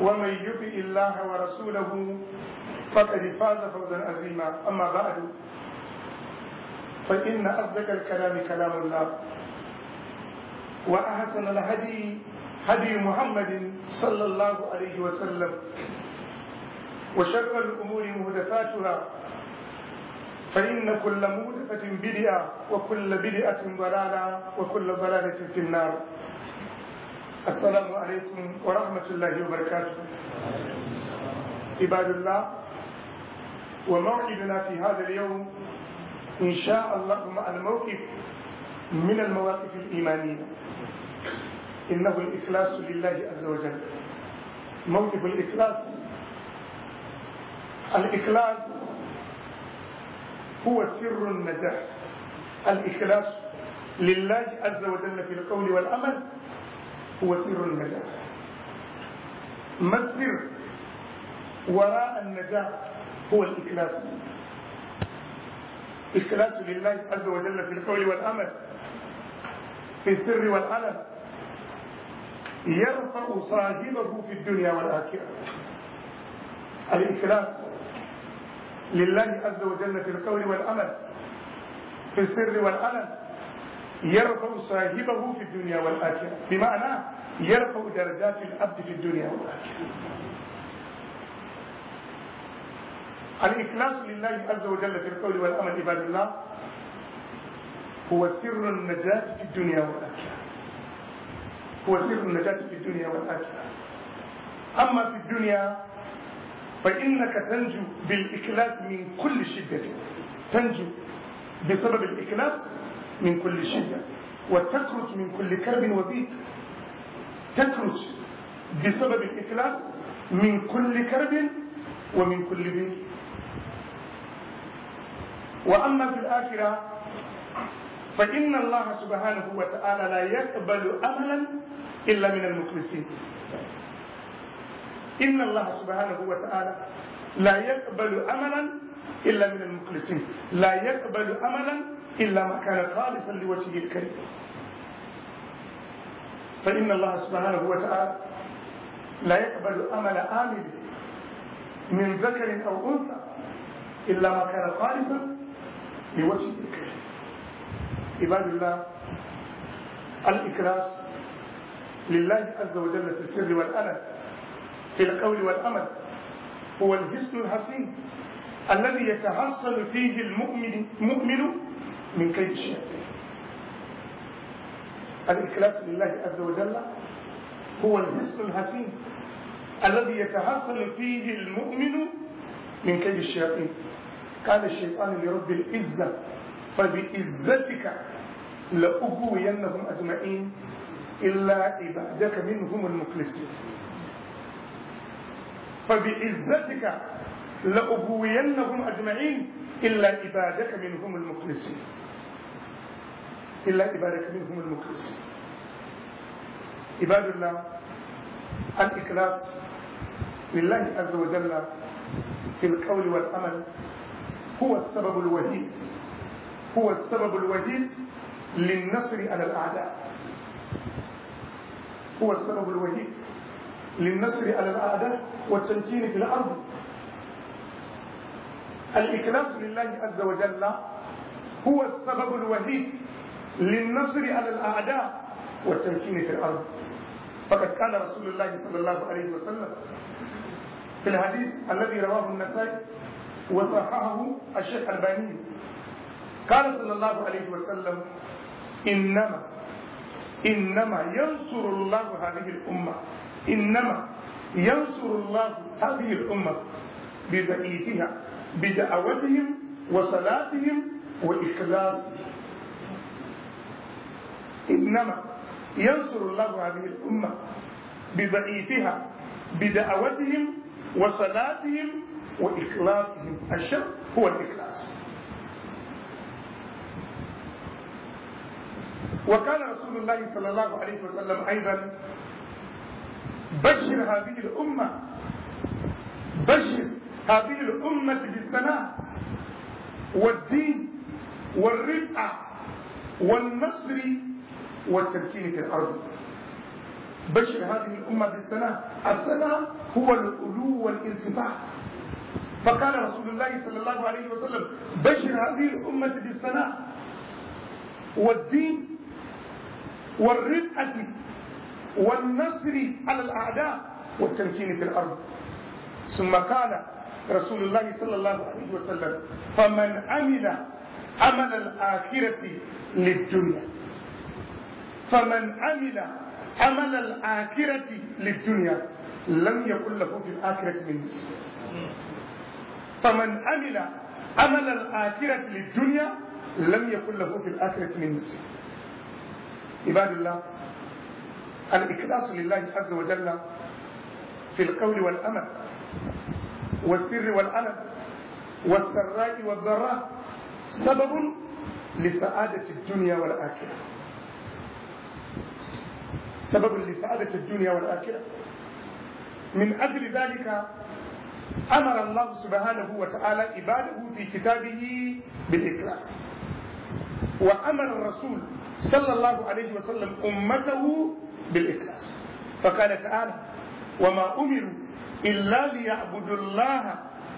ومن يطع الله ورسوله فقد فاز فوزا عظيما اما بعد فان اصدق الكلام كلام الله واحسن الهدي هدي محمد صلى الله عليه وسلم وشر الامور مهدفاتها فإن كل مهدفه بدعة وكل بدعة ضلالة وكل ضلالة في النار السلام عليكم ورحمة الله وبركاته عباد الله وموعدنا في هذا اليوم إن شاء الله مع الموقف من المواقف الإيمانية إنه الإخلاص لله عز وجل موقف الإخلاص الإخلاص هو سر النجاح الإخلاص لله عز وجل في القول والعمل هو سر النجاح ما السر وراء النجاح هو الإخلاص الإخلاص لله عز وجل في القول والأمل في السر والألم يرفع صاحبه في الدنيا والآخرة الإخلاص لله عز وجل في القول والأمل في السر والألم يرفع صاحبه في الدنيا والآخرة بمعنى يرفع درجات العبد في الدنيا والآخرة الإخلاص لله عز وجل في القول والأمل عباد الله هو سر النجاة في الدنيا والآخرة هو سر النجاة في الدنيا والآخرة أما في الدنيا فإنك تنجو بالإخلاص من كل شدة تنجو بسبب الإخلاص من كل شدة وتكرت من كل كرب وضيق تكرت بسبب الإخلاص من كل كرب ومن كل ضيق وأما في الآخرة فإن الله سبحانه وتعالى لا يقبل أهلا إلا من المخلصين إن الله سبحانه وتعالى لا يقبل عملا إلا من المخلصين لا يقبل عملا إلا ما كان خالصا لوجهه الكريم فإن الله سبحانه وتعالى لا يقبل عمل عامل من ذكر أو أنثى إلا ما كان خالصا لوجهه الكريم عباد الله الإكراس لله عز وجل في السر والألم في القول والأمل هو الحسن الحسين الذي يتحصل فيه المؤمن مؤمن من كيد الشياطين الإخلاص لله عز وجل هو الحسن الحسين الذي يتحصل فيه المؤمن من كيد الشياطين قال الشيطان لرب العزة فبعزتك لأغوينهم أجمعين إلا عبادك منهم المخلصين فبعزتك لأبوينهم أجمعين إلا عبادك منهم المخلصين إلا عبادك منهم المخلصين عباد الله الإخلاص لله عز وجل في القول والعمل هو السبب الوحيد هو السبب الوحيد للنصر على الأعداء هو السبب الوحيد للنصر على الأعداء والتمكين في الأرض الإخلاص لله عز وجل هو السبب الوحيد للنصر على الأعداء والتمكين في الأرض فقد قال رسول الله صلى الله عليه وسلم في الحديث الذي رواه النسائي وصححه الشيخ الباني قال صلى الله عليه وسلم إنما إنما ينصر الله هذه الأمة إنما ينصر الله هذه الأمة بضعيفها بدعوتهم وصلاتهم وإخلاصهم إنما ينصر الله هذه الأمة بضعيفها بدعوتهم وصلاتهم وإخلاصهم الشر هو الإخلاص وكان رسول الله صلى الله عليه وسلم أيضا بشر هذه الأمة بشر هذه الأمة بالثناء والدين والرفقة والنصر والتمكين في الأرض بشر هذه الأمة بالثناء الثناء هو الألو والارتفاع فقال رسول الله صلى الله عليه وسلم بشر هذه الأمة بالثناء والدين والرفقة والنصر على الأعداء والتمكين في الأرض ثم قال رسول الله صلى الله عليه وسلم فمن عمل عمل الآخرة للدنيا فمن عمل عمل الآخرة للدنيا لم يكن له في الآخرة من نصف فمن عمل عمل الآخرة للدنيا لم يكن له في الآخرة من نصف عباد الله الإخلاص لله عز وجل في القول والأمل والسر والعلم والسراء والضراء سبب لسعادة الدنيا والآخرة سبب لسعادة الدنيا والآخرة من أجل ذلك أمر الله سبحانه وتعالى عباده في كتابه بالإخلاص وأمر الرسول صلى الله عليه وسلم أمته بالإخلاص فقال تعالى وما أمروا إلا ليعبدوا الله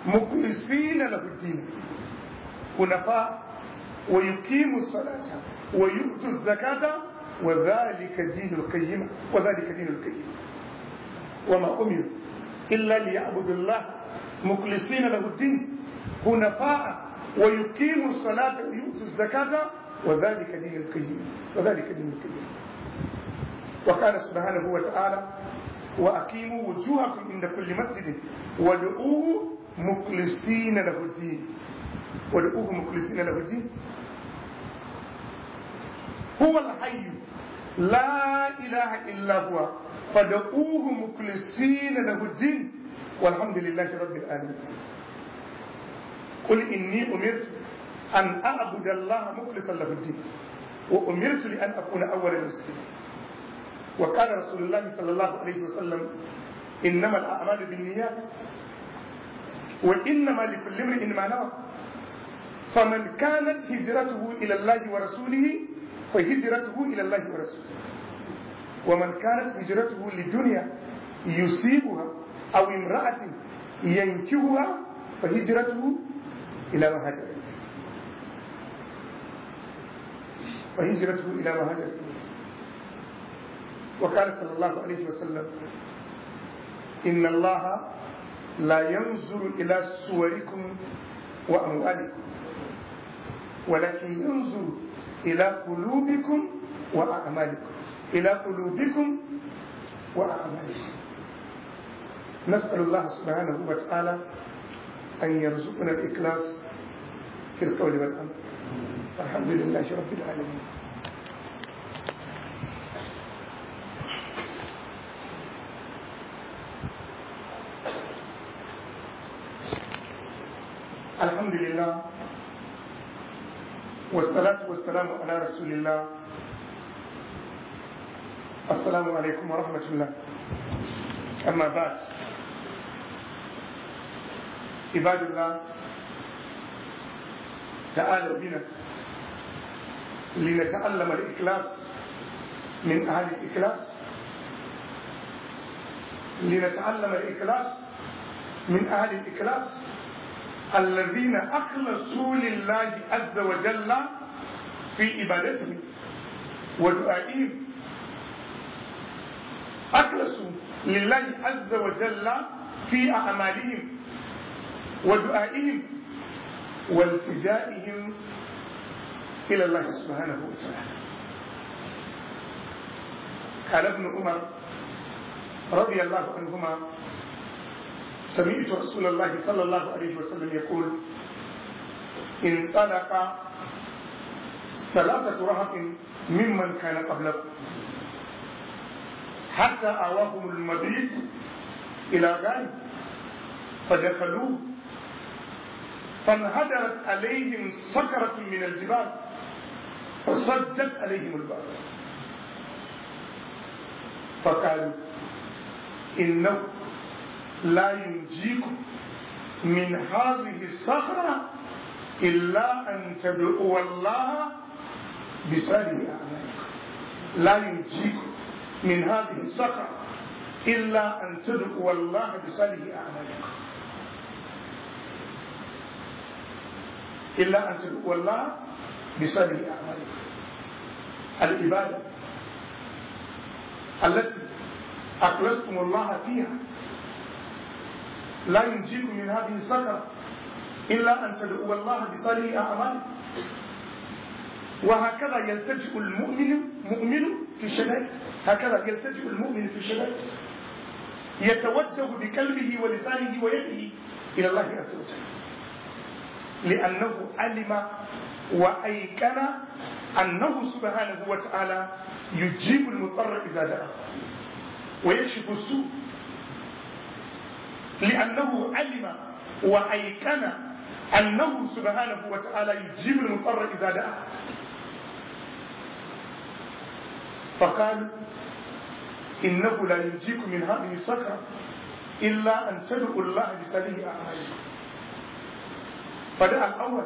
مخلصين له الدين حنفاء ويقيموا الصلاة ويؤتوا الزكاة وذلك دين القيمة وذلك دين القيمة وما أمروا إلا ليعبدوا الله مخلصين له الدين حنفاء ويقيموا الصلاة ويؤتوا الزكاة وذلك دين القيم وذلك دين القيم وقال سبحانه وتعالى وأقيموا وجوهكم عند كل مسجد ودعوه مخلصين له الدين ودعوه مخلصين له الدين هو الحي لا إله إلا هو فدعوه مخلصين له الدين والحمد لله رب العالمين قل إني أمرت أن أعبد الله مخلصا له الدين وأمرت لأن أكون أول المسلمين وكان رسول الله صلى الله عليه وسلم إنما الأعمال بالنيات وإنما لكل امرئ ما نوى فمن كانت هجرته إلى الله ورسوله فهجرته إلى الله ورسوله ومن كانت هجرته لدنيا يصيبها أو امرأة ينكبها فهجرته إلى ما هجر فهجرته إلى ما هجر وقال صلى الله عليه وسلم إن الله لا ينظر إلى صوركم وأموالكم ولكن ينظر إلى قلوبكم وأعمالكم إلى قلوبكم وأعمالكم نسأل الله سبحانه وتعالى أن يرزقنا الإخلاص في القول والأمر الحمد لله رب العالمين والصلاة والسلام على رسول الله السلام عليكم ورحمة الله أما بعد عباد الله تعالوا بنا لنتعلم الإخلاص من أهل الإخلاص لنتعلم الإخلاص من أهل الإخلاص الذين أخلصوا لله عز وجل في عبادته ودعائه أخلصوا لله عز وجل في أعمالهم ودعائهم والتجائهم إلى الله سبحانه وتعالى قال ابن عمر رضي الله عنهما سمعت رسول الله صلى الله عليه وسلم يقول انطلق ثلاثة رهط ممن كان قبله حتى آواهم المبيت إلى ذلك فدخلوه فانهدرت عليهم سكرة من الجبال فصدت عليهم الباب فقالوا إنه لا ينجيكم من هذه الصخرة إلا أن تدعوا الله بسبب لا ينجيكم من هذه الصخرة إلا أن تدعوا الله بسبب أعمالكم إلا أن تدعوا الله بسبب أعمالكم العبادة التي أخلصتم الله فيها لا ينجيكم من هذه السكرة إلا أن تدعو الله بصالح أعمالك وهكذا يلتجئ المؤمن مؤمن في الشدائد هكذا يلتجئ المؤمن في الشدائد يتوجه بقلبه ولسانه ويده إلى الله عز وجل لأنه علم وأيقن أنه سبحانه وتعالى يجيب المضطر إذا دعاه ويكشف السوء لأنه علم وأيقن أنه سبحانه وتعالى يجيب المضطر إذا دعا فقالوا إنه لا ينجيكم من هذه الصخرة إلا أن تدعوا الله بسبيل أعمالكم فدعا الأول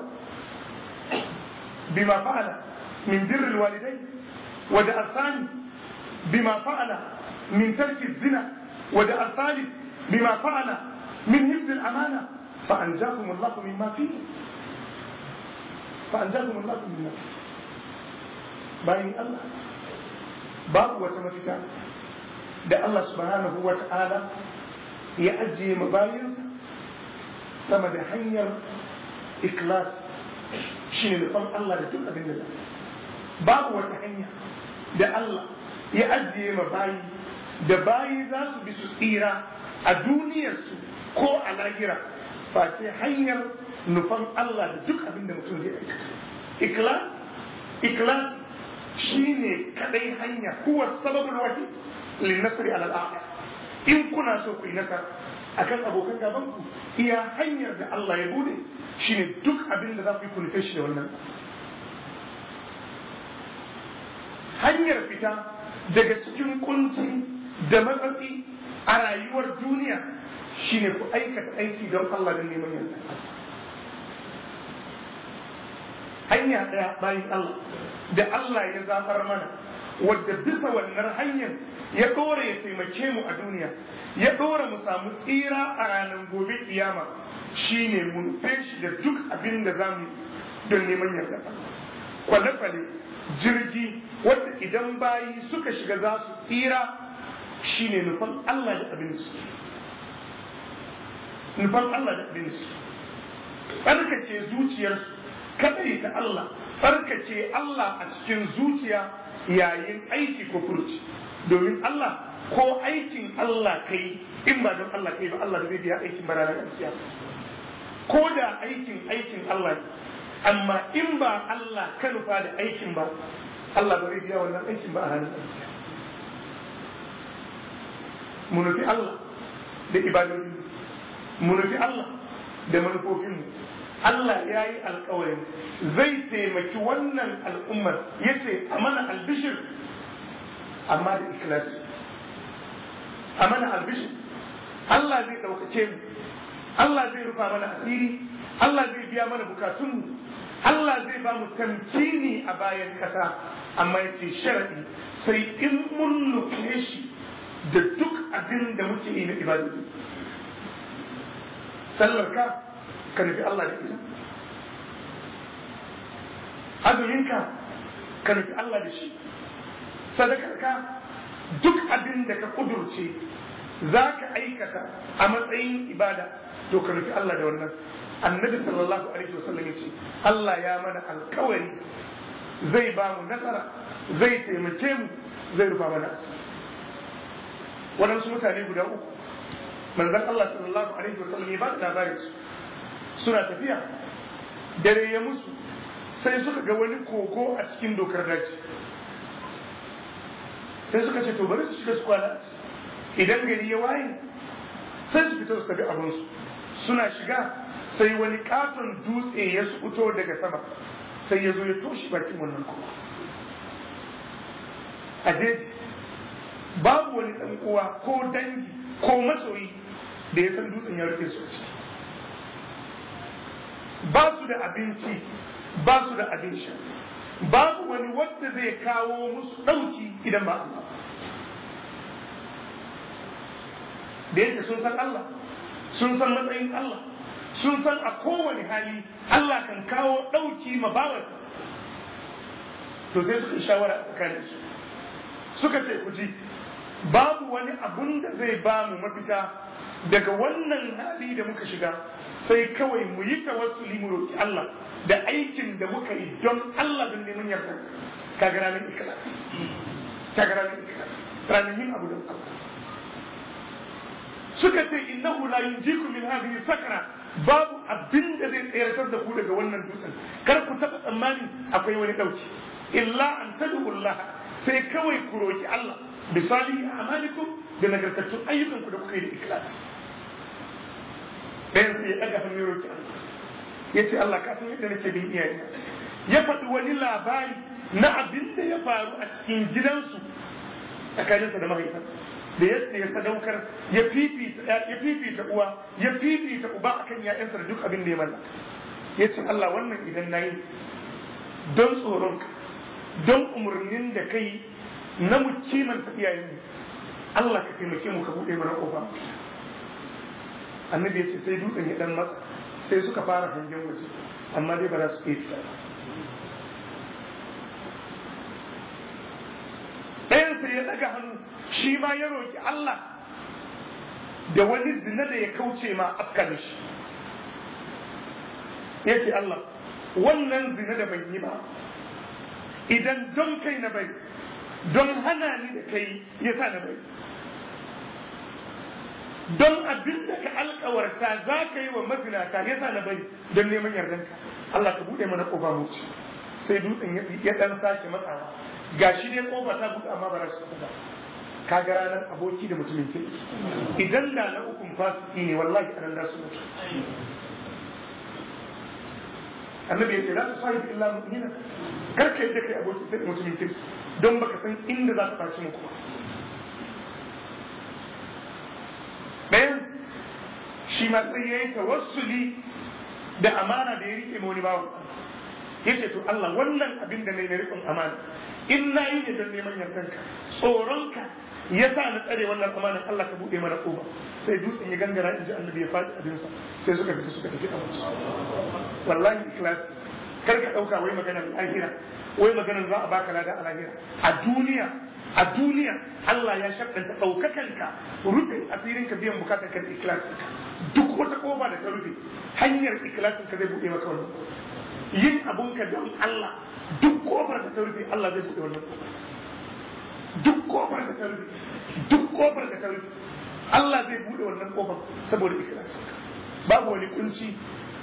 بما فعل من بر الوالدين ودعا الثاني بما فعل من ترك الزنا ودعا الثالث بما فعل من حفظ الأمانة فأنجاكم الله مما فيه فأنجاكم الله مما فيه باين الله باب وتمفكا ده الله سبحانه وتعالى يأجي مبايز سما ده حير إخلاص شين لفهم الله لتلقى بين الله باب وتحنيا ده الله يأجي مبايز ده بايزاس بسسيرا a duniyarsu ko a lahira face hanyar nufan Allah da duk abin da mutum zai aikata ikhlas shine kadai hanya kuwa sababin wahid lin nasri in kuna so ku yi nasara akan abokan gabanku iya hanyar da Allah ya bude shine duk abin da za ku yi ku nufe shi da wannan hanyar fita daga cikin kunci da matsatsi a rayuwar duniya shi ne ku aikata aiki don Allah don neman yarda hanya ɗaya bayan Allah da Allah ya zafar mana wadda bisa wannan hanyar ya ɗora ya taimake mu a duniya ya ɗora mu samu tsira a ranar gobe iyama shine mu mun shi da duk abin da za mu don neman yarda kwale-kwale jirgi wadda idan bayi suka shiga za su tsira shi ne nufan Allah da abin su nufan Allah da abin su tsarkake zuciyarsu kadai ta Allah tsarkake Allah a cikin zuciya yayin aiki ko furci domin Allah ko aikin Allah kai in ba don Allah kai ba Allah zai biya aikin ba ranar ko da aikin aikin Allah amma in ba Allah ka nufa da aikin ba Allah ba zai biya wannan aikin ba a hannun munu fi allah da ibadun munu fi allah da manufofinmu Allah ya yi alkawarin zai taimaki wannan al'ummar ya ce a mana albishir amma da ikilasi a mana albishir Allah zai ɗaukace mu Allah zai rufa mana asiri Allah zai biya mana bukatunmu Allah zai ba mu tamkini a bayan ƙasa amma ya ce sharaɗi sai in mun nufe shi abin da muke yi na ibadu sallar ka ka nufi Allah da ita azumin ka ka nufi Allah da shi sadakar ka duk abin da ka kudurce za ka aikata a matsayin ibada to ka nufi Allah da wannan annabi sallallahu alaihi wasallam ya ce Allah ya mana alkawari zai ba mu nasara zai taimake mu zai rufa mana asiri waɗansu mutane guda uku manzan Allah sallallahu alaihi wasallam ya ba da labarin su suna tafiya dare ya musu sai suka ga wani koko a cikin dokar daji sai suka ce to bari su shiga su kwana idan gari ya waye sai su fito su tafi abinsu suna shiga sai wani katon dutse ya fito daga sama sai ya zo ya toshe bakin wannan koko a jeji babu wani ɗan uwa ko dangi ko masoyi da ya san dutsen ya rufe su ciki ba su da abinci ba su da abin sha babu wani wanda zai kawo musu ɗauki idan ba Allah da yake sun san Allah sun san matsayin Allah sun san a kowane hali Allah kan kawo ɗauki ma bawar to sai suka shawara a tsakaninsu suka ce ku ji babu wani abun da zai ba mu mafita daga wannan hali da muka shiga sai kawai mu yi wasu mu ki Allah da aikin da muka yi don Allah don neman yarda kaga ranar ka kaga ranar ikhlas ranar yin abu da muka suka ce innahu la yunjiku min hadhihi sakra babu abin da zai tsayar da ku daga wannan dutsen kar ku taɓa tsammani akwai wani dauki illa an tad'u Allah sai kawai ku roki Allah bisali a a'malikum da nagartattun ayyukan da kuka yi da ikhlas ɗayan sai ya ɗaga hannun roƙi ya ce Allah ka san yadda nake bin iyaye ya faɗi wani labari na abin da ya faru a cikin gidansu tsakaninsa da mahaifarsa da yadda ya sadaukar ya fifita uwa ya fifita uba akan ya'yansa da duk abin da ya mallaka ya ce Allah wannan idan nayi don tsoronka don umarnin da kai na mu tafiya yin Allah ka taimake mu ka buɗe mana ƙofa annabi ya ce sai dutsen ya dan matsa sai suka fara hangen waje amma dai ba za su iya fita sai ya ɗaga hannu shi ma ya roƙi Allah da wani zina da ya kauce ma afka shi ya ce Allah wannan zina da ban yi ba idan don kai na bai don hana ni da kai ya sa na bari don abin da ka alkawarta za ka yi wa mazinata ya sa na bari don neman yardanka Allah ka buɗe mana ƙofa mu sai dutsen ya ɗan sake matsawa ga shi dai ƙofa ta buɗe amma ba su ka ga ranar aboki da mutumin kirki idan da na ukun fasiki ne wallahi nan za su mutu annabi ya ce la tusahib illa mu'mina kar ka yadda kai aboki sai mutumin kirki don baka san inda za ka tashi muku ba ɗayan shi ma sai yayi tawassuli da amana da ya rike wani bawo ya ce to Allah wannan abin da na na amana in na yi da neman yardanka tsoronka ya sa na tsare wannan amanan Allah ka buɗe mana kofa sai dutsen ya gangara in ji annabi ya faɗi abinsa sai suka fita suka tafi a wallahi ikhlasi kar ka ɗauka wai maganar lahira wai maganar za a baka lada a lahira a duniya a duniya Allah ya ɗaukakan ka rufe ka biyan bukatar ka da duk wata kofa da ta rufe hanyar ka zai buɗe maka wannan yin abunka don Allah duk kofar da ta rufe Allah zai buɗe wannan duk kofar da ta duk kofar da Allah zai bude wannan kofar saboda ikhlasi babu wani kunci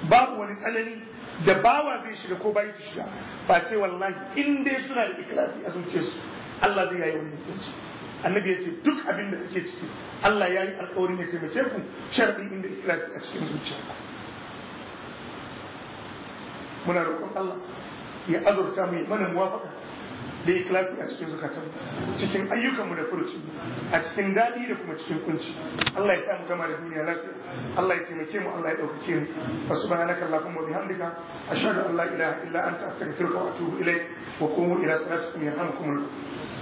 babu wani tsanani da bawa zai shiga ko bai shiga ba ce wallahi in dai suna da ikhlasi a zuciyarsu Allah zai yayi wani kunci annabi ya ce duk abin da kake ciki Allah ya yi alƙawarin ya mace ku sharɗin inda ikhlasi a cikin ku. muna roƙon Allah ya azurta mai mana muwafaka da ikhlasi a cikin zukatan cikin ayyukanmu da furuci a cikin daɗi da kuma cikin kunci Allah ya sa mu gama da duniya lafiya Allah ya taimake mu Allah ya ɗaukake mu fa subhanaka allahumma wa bihamdika ashhadu an la ilaha illa anta astaghfiruka wa atubu ilayk wa qumu ila salatikum yarhamkumullah